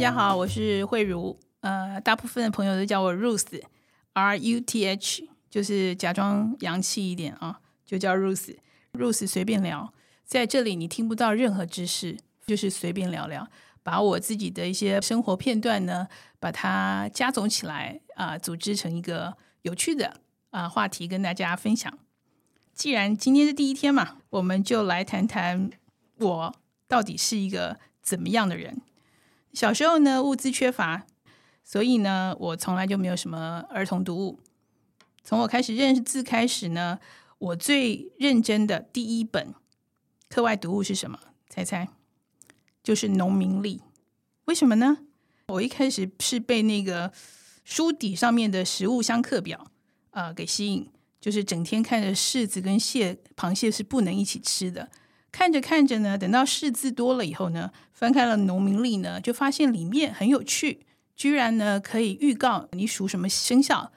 大家好，我是慧茹，呃，大部分的朋友都叫我 Ruth，R U T H，就是假裝洋氣一點啊，就叫 Ruth，Ruth Ruth 隨便聊，在這裡你聽不到任何知識，就是隨便聊聊，把我自己的一些生活片段呢，把它加總起來啊、呃，組織成一個有趣的啊話題跟大家分享。既然今天是第一天嘛，我們就來談談我到底是一個怎麼樣的人。小時候呢，物資缺乏，所以呢，我從來就沒有什麼兒童讀物。從我開始認識字開始呢，我最認真的第一本課外讀物是什麼？猜猜？就是《農民曆》。為什麼呢？我一開始是被那個書底上面的食物相克表啊，呃，給吸引，就是整天看着柿子跟蟹、螃蟹是不能一起吃的。看着看着呢，等到識字多了以後呢，翻開了《農民曆》呢，就發現裡面很有趣，居然呢可以預告你屬什麼生肖，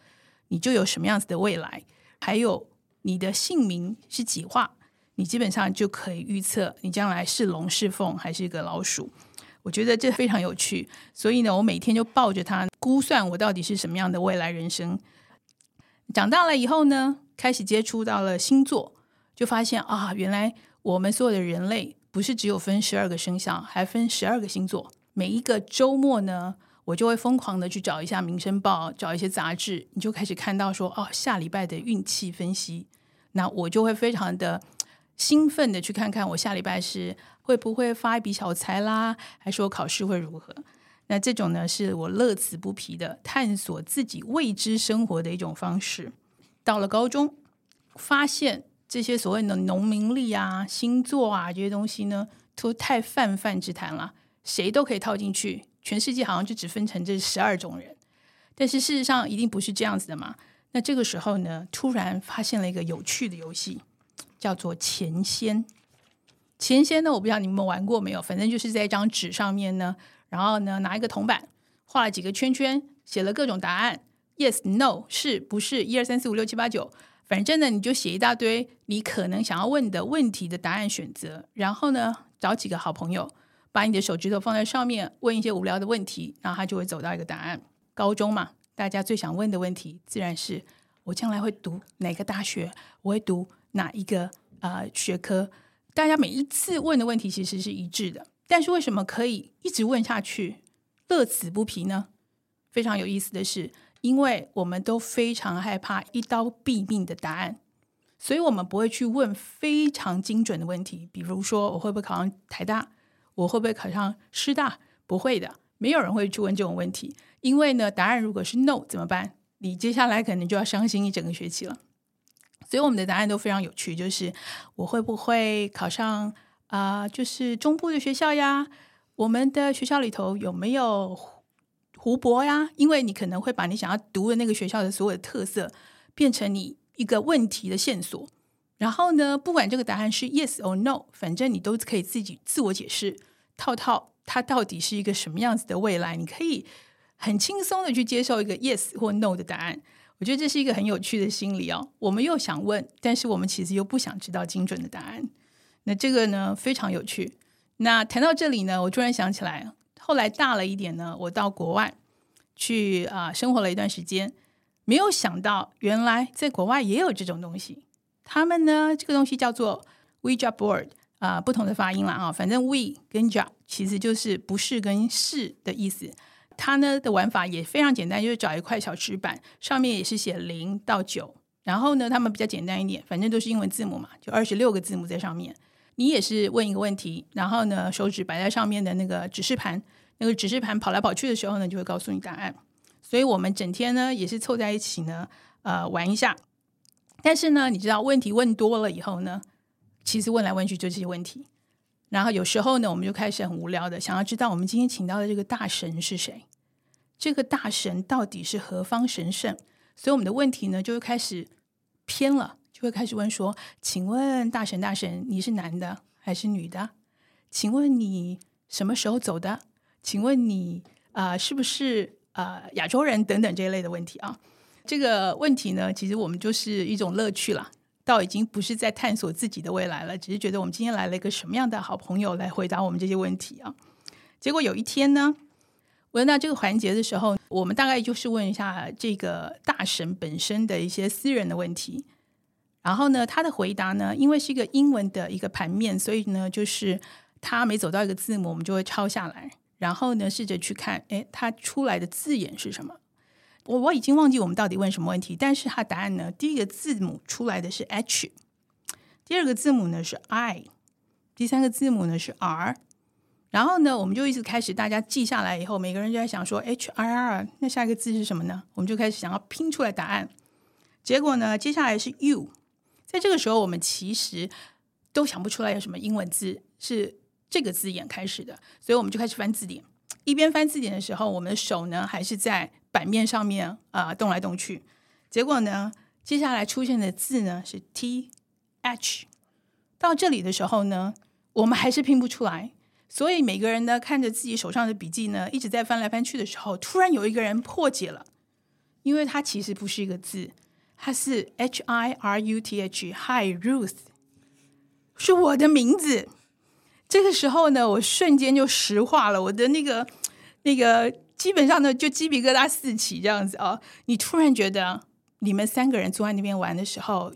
你就有什麼樣子的未來，還有你的姓名是幾畫，你基本上就可以預測你將來是龍是鳳還是個老鼠。我覺得這非常有趣，所以呢，我每天就抱着它估算我到底是什麼樣的未來人生。長大了以後呢，開始接觸到了星座，就發現啊，原來。我們所有的人類不是只有分十二個生肖，還分十二個星座。每一個周末呢，我就會瘋狂的去找一下《民生報》，找一些雜誌，你就開始看到說，哦，下禮拜的運氣分析。那我就會非常的興奮的去看看，我下禮拜是會不會發一筆小財啦，還是我考試會如何？那這種呢，是我樂此不疲的探索自己未知生活的一種方式。到了高中，發現。這些所謂的農民曆啊、星座啊這些東西呢，都太泛泛之談了，誰都可以套進去。全世界好像就只分成這十二種人，但是事實上一定不是這樣子的嘛。那這個時候呢，突然發現了一個有趣的遊戲，叫做錢仙。錢仙呢，我不知道你們有有玩過沒有，反正就是在一張紙上面呢，然後呢拿一個銅板，畫了幾個圈圈，寫了各種答案，yes、no，是、不是，一二三四五六七八九。反正呢，你就寫一大堆你可能想要問的問題的答案選擇，然後呢，找幾個好朋友，把你的手指頭放在上面，問一些無聊的問題，然後他就會走到一個答案。高中嘛，大家最想問的問題，自然是我將來會讀哪個大學，我會讀哪一個啊、呃、學科。大家每一次問的問題其實是一致的，但是為什麼可以一直問下去，樂此不疲呢？非常有意思的是，因為我們都非常害怕一刀斃命的答案，所以我們不會去問非常精準的問題。比如說，我會不會考上台大？我會不會考上師大？不會的，沒有人會去問這種問題。因為呢，答案如果是 no 怎麼辦？你接下來可能就要傷心一整個學期了。所以我們的答案都非常有趣，就是我會不會考上啊、呃？就是中部的學校呀？我們的學校裡頭有沒有？湖泊呀，因為你可能會把你想要讀的那個學校的所有的特色變成你一個問題的線索，然後呢，不管這個答案是 yes or no，反正你都可以自己自我解釋，套套它到底是一個什麼樣子的未來，你可以很輕鬆的去接受一個 yes 或 no 的答案。我覺得這是一個很有趣的心理哦。我們又想問，但是我們其實又不想知道精準的答案。那這個呢，非常有趣。那談到這裡呢，我突然想起來。後來大了一點呢，我到國外去啊、呃、生活了一段時間，沒有想到原來在國外也有這種東西。他們呢，這個東西叫做 Ouija Board 啊、呃，不同的發音了啊、哦，反正 We 跟 Ja 其實就是不是跟是的意思。它呢的玩法也非常簡單，就是找一塊小紙板，上面也是寫零到九，然後呢他們比較簡單一點，反正都是英文字母嘛，就二十六個字母在上面。你也是問一個問題，然後呢，手指擺在上面的那個指示盤，那個指示盤跑來跑去的時候呢，就會告訴你答案。所以我們整天呢也是湊在一起呢，呃，玩一下。但是呢，你知道問題問多了以後呢，其實問來問去就這些問題。然後有時候呢，我們就開始很無聊的想要知道我們今天請到的這個大神是誰。這個大神到底是何方神聖？所以我們的問題呢就開始偏了。就會開始問說：“請問大神大神，你是男的還是女的？請問你什麼時候走的？請問你啊、呃，是不是啊、呃、亞洲人？等等這一類的問題啊。這個問題呢，其實我們就是一種樂趣了，倒已經不是在探索自己的未來了，只是覺得我們今天來了一個什麼樣的好朋友來回答我們這些問題啊。結果有一天呢，我問到這個環節的時候，我們大概就是問一下這個大神本身的一些私人的問題。”然後呢，他的回答呢，因為是一個英文的一個盤面，所以呢，就是他每走到一個字母，我們就會抄下來，然後呢，試着去看，誒，他出來的字眼是什麼？我我已經忘記我們到底問什麼問題，但是他答案呢，第一個字母出來的是 H，第二個字母呢是 I，第三個字母呢是 R，然後呢，我們就一直開始大家記下來以後，每個人就在想說，H I R，那下一個字是什麼呢？我們就開始想要拼出來答案，結果呢，接下來是 U。在這個時候，我們其實都想不出來有什麼英文字是這個字眼開始的，所以我們就開始翻字典。一邊翻字典的時候，我們的手呢還是在版面上面啊、呃、動來動去。結果呢，接下來出現的字呢是 T H。到這裡的時候呢，我們還是拼不出來。所以每個人呢看着自己手上的筆記呢，一直在翻來翻去的時候，突然有一個人破解了，因為它其實不是一個字。它是 H I R U T H，Hi Ruth，是我的名字。這個時候呢，我瞬間就石化了，我的那個那個，基本上呢就雞皮疙瘩四起，這樣子啊、哦。你突然覺得，你們三個人坐在那邊玩的時候，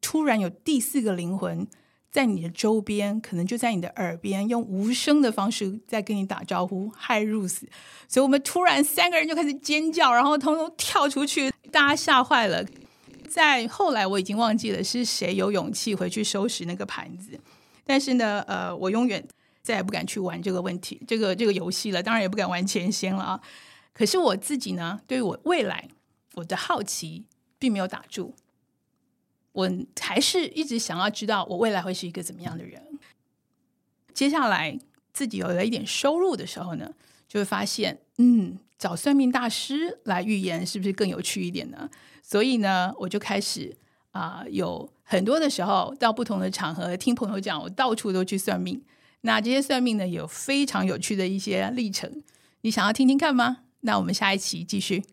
突然有第四個靈魂在你的周邊，可能就在你的耳邊，用無聲的方式在跟你打招呼。Hi Ruth，所以我們突然三個人就開始尖叫，然後通通跳出去，大家嚇壞了。在後來，我已經忘記了，是誰有勇氣回去收拾那個盤子，但是呢，呃，我永遠再也不敢去玩這個問題，這個這個遊戲了，當然也不敢玩錢仙了啊。可是我自己呢，對於我未來，我的好奇並沒有打住，我還是一直想要知道我未來會是一個怎麼樣的人。接下來自己有了一點收入的時候呢，就會發現，嗯。找算命大師來預言是不是更有趣一點呢？所以呢，我就開始啊、呃，有很多的時候到不同的場合聽朋友講，我到處都去算命。那這些算命呢，有非常有趣的一些歷程，你想要聽聽看嗎？那我們下一期繼續。